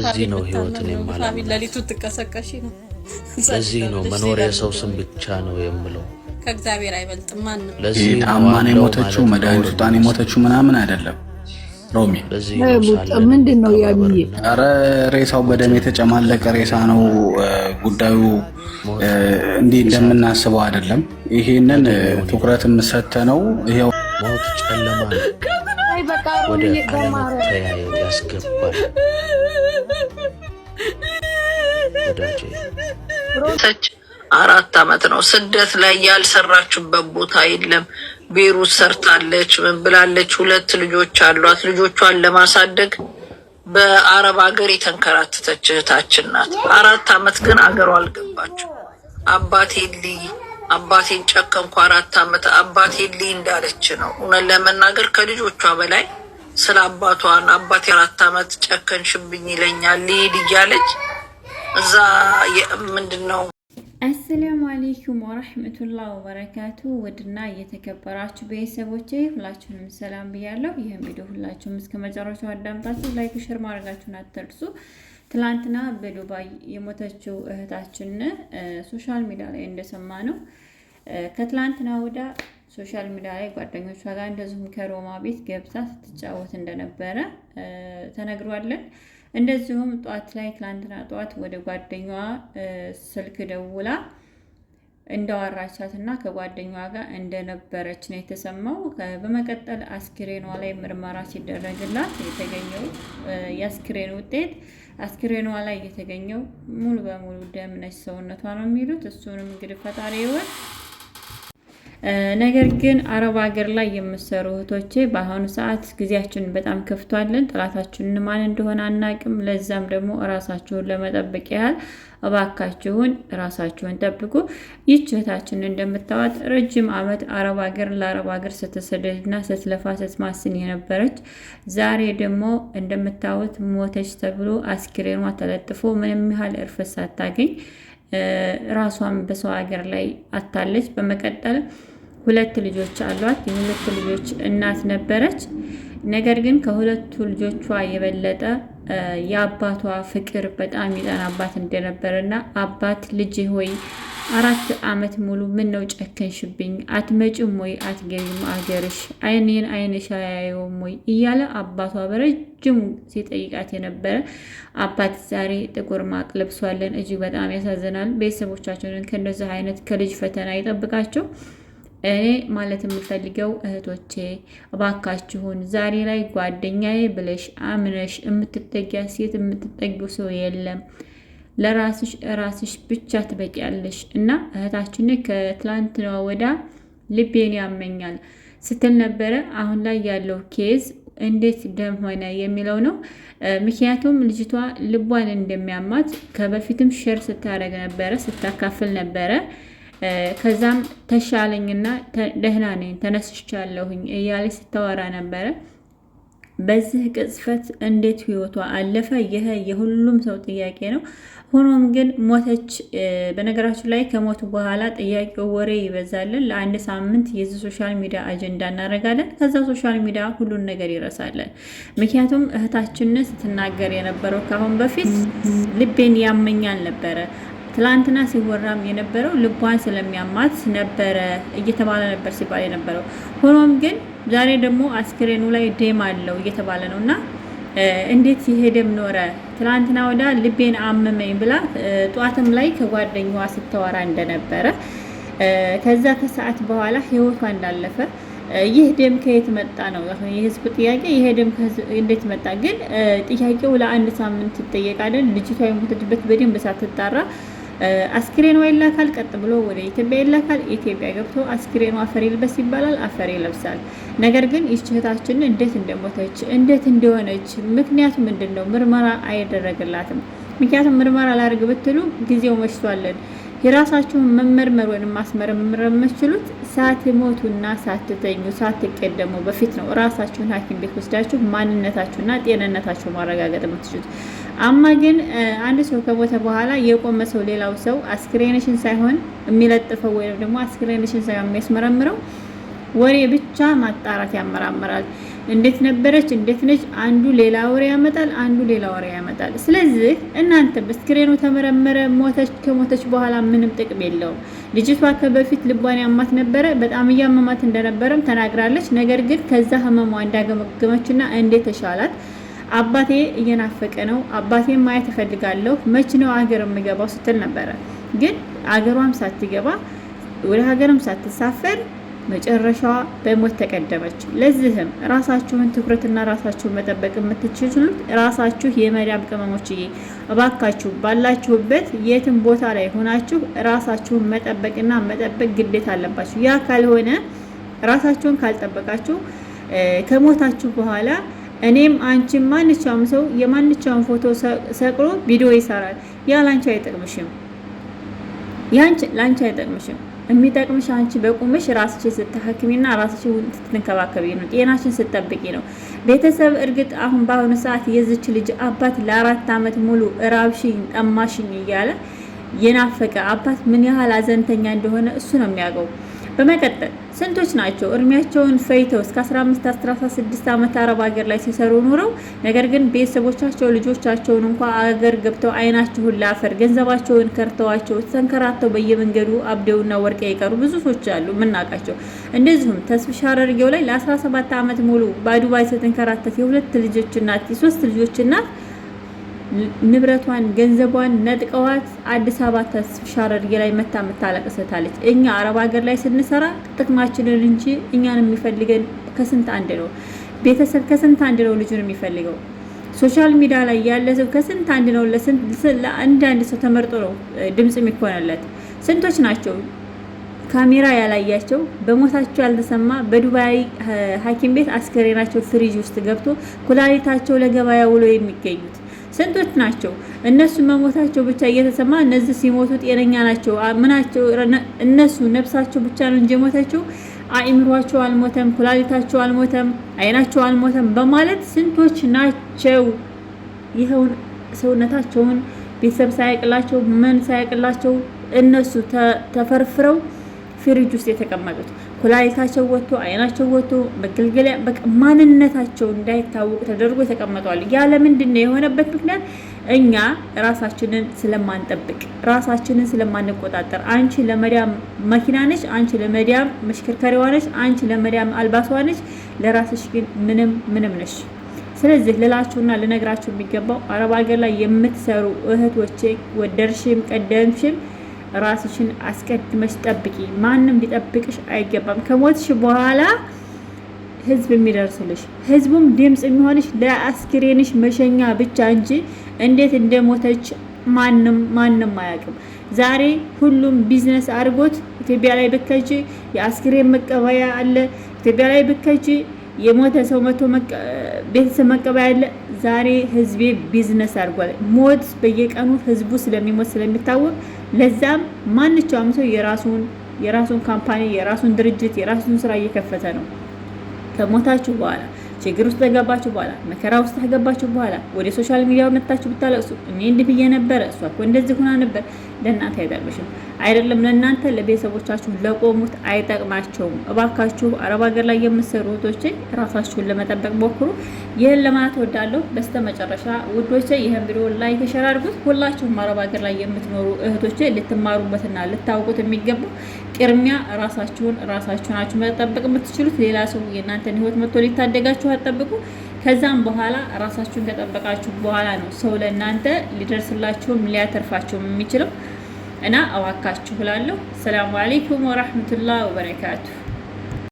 እዚህ ነው ህይወትን የማላምናት። ትቀሰቀሽ ነው። ለዚህ ነው መኖር የሰው ስም ብቻ ነው የምለው። ከእግዚአብሔር አይበልጥም ማንም። ለዚህ ታማን የሞተችው መድኃኒት ሱጣን የሞተችው ምናምን አይደለም። ሮሚ ምንድን ነው ያሚዬ? ኧረ ሬሳው በደም የተጨማለቀ ሬሳ ነው። ጉዳዩ እንዲህ እንደምናስበው አይደለም። ይሄንን ትኩረት የምሰተ ነው። ይሄው ሞት ጨለማ ነው። አለመተያየት ያስገባል። አራት አመት ነው ስደት ላይ ያልሰራችበት ቦታ የለም። ቤሩት ሰርታለች፣ ምን ብላለች። ሁለት ልጆች አሏት። ልጆቿን ለማሳደግ በአረብ ሀገር የተንከራተተች እህታችን ናት። አራት አመት ግን አገሯ አልገባችው። አባቴ ልይ አባቴን ጨከንኩ አራት አመት አባቴ ልይ እንዳለች ነው። እውነት ለመናገር ከልጆቿ በላይ ስለ አባቷን አባቴ አራት አመት ጨከንሽብኝ ይለኛል ልሂድ እያለች እዛ ምንድን ነው አሰላሙ አሌይኩም ወረህመቱላህ ወበረካቱ። ውድና እየተከበራችሁ ቤተሰቦቼ ሁላችሁንም ሰላም ብያለሁ። ይህም ቪዲዮ ሁላችሁም እስከ መጨረሻው አዳምጣችሁ ላይክ፣ ሸር ማድረጋችሁን አትርሱ። ትላንትና በዱባይ የሞተችው እህታችን ሶሻል ሚዲያ ላይ እንደሰማ ነው። ከትላንትና ወዳ ሶሻል ሚዲያ ላይ ጓደኞቿ ጋር እንደዚሁም ከሮማ ቤት ገብታ ስትጫወት እንደነበረ ተነግሯለን። እንደዚሁም ጠዋት ላይ ትላንትና ጠዋት ወደ ጓደኛዋ ስልክ ደውላ እንዳዋራቻት እና ከጓደኛዋ ጋር እንደነበረች ነው የተሰማው። በመቀጠል አስክሬኗ ላይ ምርመራ ሲደረግላት የተገኘው የአስክሬን ውጤት አስክሬኗ ላይ የተገኘው ሙሉ በሙሉ ደም ነች ሰውነቷ ነው የሚሉት። እሱንም እንግዲህ ፈጣሪ ይወቅ። ነገር ግን አረብ ሀገር ላይ የምሰሩ እህቶቼ በአሁኑ ሰዓት ጊዜያችንን በጣም ከፍቷለን። ጥላታችንን ማን እንደሆነ አናቅም። ለዛም ደግሞ እራሳችሁን ለመጠበቅ ያህል እባካችሁን ራሳችሁን ጠብቁ። ይች እህታችን እንደምታዋት ረጅም ዓመት አረብ ሀገር ለአረብ ሀገር ስትሰደድና ስትለፋ ስትማስን የነበረች ዛሬ ደግሞ እንደምታዩት ሞተች ተብሎ አስክሬኗ ተለጥፎ ምንም ያህል እርፈት ሳታገኝ ራሷን በሰው ሀገር ላይ አታለች። በመቀጠል ሁለት ልጆች አሏት። የሁለት ልጆች እናት ነበረች። ነገር ግን ከሁለቱ ልጆቿ የበለጠ የአባቷ ፍቅር በጣም ይጠናባት እንደነበረ እና አባት ልጅ ሆይ አራት ዓመት ሙሉ ምን ነው ጨከንሽብኝ? አትመጭም ወይ አትገቢም አገርሽ? አይኔን አይንሽ አያየውም ወይ እያለ አባቷ በረጅሙ ሲጠይቃት የነበረ አባት ዛሬ ጥቁር ማቅ ለብሷለን። እጅግ በጣም ያሳዝናል። ቤተሰቦቻቸውን ከእንደዚህ አይነት ከልጅ ፈተና ይጠብቃቸው። እኔ ማለት የምፈልገው እህቶቼ እባካችሁን ዛሬ ላይ ጓደኛዬ ብለሽ አምነሽ የምትጠጊያ ሴት የምትጠጊው ሰው የለም። ለራስሽ ራስሽ ብቻ ትበቂያለሽ። እና እህታችን ከትላንትና ወዳ ልቤን ያመኛል ስትል ነበረ። አሁን ላይ ያለው ኬዝ እንዴት ደም ሆነ የሚለው ነው። ምክንያቱም ልጅቷ ልቧን እንደሚያማት ከበፊትም ሸር ስታደርግ ነበረ፣ ስታካፍል ነበረ ከዛም ተሻለኝና ደህና ነኝ ተነስቻለሁኝ እያለ ስታወራ ነበረ። በዚህ ቅጽፈት እንዴት ህይወቷ አለፈ? ይህ የሁሉም ሰው ጥያቄ ነው። ሆኖም ግን ሞተች። በነገራችን ላይ ከሞቱ በኋላ ጥያቄው ወሬ ይበዛልን። ለአንድ ሳምንት የዚህ ሶሻል ሚዲያ አጀንዳ እናደርጋለን። ከዛ ሶሻል ሚዲያ ሁሉን ነገር ይረሳለን። ምክንያቱም እህታችንን ስትናገር የነበረው ከአሁን በፊት ልቤን ያመኛል ነበረ ትላንትና ሲወራም የነበረው ልቧን ስለሚያማት ነበረ እየተባለ ነበር ሲባል የነበረው ሆኖም ግን ዛሬ ደግሞ አስክሬኑ ላይ ደም አለው እየተባለ ነው እና እንዴት ይሄ ደም ኖረ? ትላንትና ወዳ ልቤን አመመኝ ብላ ጧትም ላይ ከጓደኛዋ ስታወራ እንደነበረ ከዛ ከሰዓት በኋላ ህይወቷ እንዳለፈ ይህ ደም ከየት መጣ ነው የህዝብ ጥያቄ። ይሄ ደም እንዴት መጣ ግን ጥያቄው ለአንድ ሳምንት ትጠየቃለን። ልጅቷ የሞተችበት በደንብ ሳትጣራ አስክሬኗ ይላካል። ቀጥ ብሎ ወደ ኢትዮጵያ ይላካል። ኢትዮጵያ ገብቶ አስክሬኗ አፈር ይልበስ ይባላል። አፈር ይለብሳል። ነገር ግን ይች እህታችን እንዴት እንደሞተች እንዴት እንደሆነች ምክንያቱ ምንድን ነው? ምርመራ አይደረግላትም። ምክንያቱም ምርመራ ላድርግ ብትሉ ጊዜው መሽቷለን። የራሳችሁን መመርመር ወይም ማስመረመር የምትችሉት ሳትሞቱና ሳትተኙ ሳትቀደሙ በፊት ነው። ራሳችሁን ሐኪም ቤት ወስዳችሁ ማንነታችሁና ጤንነታችሁ ማረጋገጥ የምትችሉት። አማ ግን አንድ ሰው ከሞተ በኋላ የቆመ ሰው ሌላው ሰው አስክሬንሽን ሳይሆን የሚለጥፈው ወይም ደግሞ አስክሬንሽን ሳይሆን የሚያስመረምረው ወሬ ብቻ ማጣራት ያመራምራል። እንዴት ነበረች፣ እንዴት ነች፣ አንዱ ሌላ ወሬ ያመጣል፣ አንዱ ሌላ ወሬ ያመጣል። ስለዚህ እናንተ በስክሬኑ ተመረመረ፣ ሞተች። ከሞተች በኋላ ምንም ጥቅም የለውም። ልጅቷ ከበፊት ልቧን ያማት ነበረ፣ በጣም እያመማት እንደነበረም ተናግራለች። ነገር ግን ከዛ ህመሟ እንዳገመገመችና እንዴት ተሻላት አባቴ እየናፈቀ ነው፣ አባቴ ማየት እፈልጋለሁ፣ መች ነው አገር የምገባው ስትል ነበረ። ግን አገሯም ሳትገባ ወደ ሀገርም ሳትሳፈር መጨረሻዋ በሞት ተቀደመች። ለዚህም ራሳችሁን ትኩረትና ራሳችሁን መጠበቅ የምትችሉት ራሳችሁ የመዳም ቅመሞችዬ፣ እባካችሁ ባላችሁበት የትም ቦታ ላይ ሆናችሁ ራሳችሁን መጠበቅና መጠበቅ ግዴታ አለባችሁ። ያ ካልሆነ ራሳችሁን ካልጠበቃችሁ ከሞታችሁ በኋላ እኔም አንቺም ማንቻውም ሰው የማንቻውን ፎቶ ሰቅሎ ቪዲዮ ይሰራል። ያ ላንቺ አይጠቅምሽም። ያንቺ ላንቺ አይጠቅምሽም። የሚጠቅምሽ አንቺ በቁምሽ ራስሽን ና ራስሽን ስትንከባከቢ ነው፣ ጤናሽን ስትጠብቂ ነው። ቤተሰብ እርግጥ አሁን በአሁኑ ሰዓት የዝች ልጅ አባት ለአራት አመት ሙሉ እራብሽኝ ጠማሽኝ እያለ የናፈቀ አባት ምን ያህል አዘንተኛ እንደሆነ እሱ ነው የሚያውቀው። በመቀጠል ስንቶች ናቸው እድሜያቸውን ፈይተው እስከ 15 16 ዓመት አረብ ሀገር ላይ ሲሰሩ ኑረው ነገር ግን ቤተሰቦቻቸው ልጆቻቸውን እንኳ አገር ገብተው አይናቸውን ላፈር ገንዘባቸውን ከርተዋቸው ተንከራተው በየመንገዱ አብደውና ወርቅ የቀሩ ብዙ ሰዎች አሉ የምናውቃቸው። እንደዚሁም ተስቢሻ አድርጌው ላይ ለ17 ዓመት ሙሉ በዱባይ ስትንከራተት የሁለት ልጆች እናት የሶስት ልጆች እናት ንብረቷን ገንዘቧን ነጥቀዋት አዲስ አበባ ተሻረርጌ ላይ መታ መታለቅሰታለች። እኛ አረብ ሀገር ላይ ስንሰራ ጥቅማችንን እንጂ እኛን የሚፈልገን ከስንት አንድ ነው። ቤተሰብ ከስንት አንድ ነው ልጁን የሚፈልገው። ሶሻል ሚዲያ ላይ ያለ ሰው ከስንት አንድ ነው። ለአንድ አንድ ሰው ተመርጦ ነው ድምፅ የሚኮነለት። ስንቶች ናቸው ካሜራ ያላያቸው በሞታቸው ያልተሰማ በዱባይ ሐኪም ቤት አስከሬናቸው ፍሪጅ ውስጥ ገብቶ ኩላሊታቸው ለገበያ ውሎ የሚገኙት ስንቶች ናቸው እነሱ መሞታቸው ብቻ እየተሰማ እነዚህ ሲሞቱ ጤነኛ ናቸው ምናቸው እነሱ ነፍሳቸው ብቻ ነው እንጂ የሞተችው አእምሯቸው አልሞተም፣ ኩላሊታቸው አልሞተም፣ አይናቸው አልሞተም በማለት ስንቶች ናቸው ይኸውን ሰውነታቸውን ቤተሰብ ሳያቅላቸው ምን ሳያቅላቸው እነሱ ተፈርፍረው ፍሪጅ ውስጥ የተቀመጡት። ኩላሊታቸው ወጥቶ አይናቸው ወጥቶ መገልገያ ማንነታቸው እንዳይታወቅ ተደርጎ ተቀምጠዋል። ያ ለምንድን ነው የሆነበት ምክንያት? እኛ ራሳችንን ስለማንጠብቅ፣ ራሳችንን ስለማንቆጣጠር። አንቺ ለመዲያም መኪና ነች፣ አንቺ ለመዲያም መሽከርከሪዋ ነች፣ አንቺ ለመዲያም አልባሷ ነች። ለራስሽ ግን ምንም ምንም ነሽ። ስለዚህ ልላችሁና ልነግራችሁ የሚገባው አረብ ሀገር ላይ የምትሰሩ እህቶቼ ወደርሽም ቀደምሽም ራስሽን አስቀድመሽ ጠብቂ። ማንም ሊጠብቅሽ አይገባም። ከሞትሽ በኋላ ህዝብ የሚደርስልሽ ህዝቡም ድምፅ የሚሆንሽ ለአስክሬንሽ መሸኛ ብቻ እንጂ እንዴት እንደሞተች ማንም ማንም አያውቅም። ዛሬ ሁሉም ቢዝነስ አድርጎት ኢትዮጵያ ላይ ብከጂ የአስክሬን መቀበያ አለ ኢትዮጵያ ላይ ብከጂ የሞተ ሰው መቶ ቤተሰብ መቀበያ ያለ ዛሬ ህዝቤ ቢዝነስ አድርጓል። ሞት በየቀኑ ህዝቡ ስለሚሞት ስለሚታወቅ ለዛም ማንቸውም ሰው የራሱን የራሱን ካምፓኒ የራሱን ድርጅት የራሱን ስራ እየከፈተ ነው ከሞታችሁ በኋላ ችግር ውስጥ ከገባችሁ በኋላ መከራ ውስጥ ከገባችሁ በኋላ ወደ ሶሻል ሚዲያው መታችሁ ብታለቅሱ እኔ እንዲህ ብዬ ነበረ፣ እሷ እኮ እንደዚህ ሆና ነበር፣ ለእናንተ አይጠቅምሽም። አይደለም ለእናንተ ለቤተሰቦቻችሁ ለቆሙት አይጠቅማቸውም። እባካችሁ አረብ ሀገር ላይ የምትሰሩ እህቶቼ ራሳችሁን ለመጠበቅ ሞክሩ። ይህን ለማለት ወዳለሁ። በስተመጨረሻ ውዶቼ ይህን ቪዲዮ ላይክ፣ ሸር አድርጉት። ሁላችሁም አረብ ሀገር ላይ የምትኖሩ እህቶቼ ልትማሩበትና ልታውቁት የሚገባው ቅድሚያ ራሳችሁን ራሳችሁ ናችሁ መጠበቅ የምትችሉት። ሌላ ሰው የእናንተን ህይወት መጥቶ ሊታደጋችሁ አጠብቁ። ከዛም በኋላ ራሳችሁን ከጠበቃችሁ በኋላ ነው ሰው ለእናንተ ሊደርስላችሁም ሊያተርፋችሁም የሚችለው እና እባካችሁ እላለሁ። ሰላሙ አሌይኩም ወራህመቱላህ ወበረካቱ